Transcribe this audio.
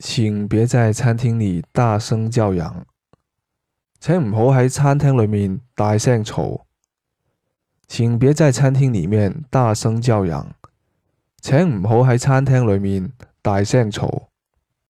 請別在餐廳裏大聲叫嚷，請唔好喺餐廳裏面大聲嘈。請別在餐廳裏面大聲叫嚷，請唔好喺餐廳裏面大聲嘈。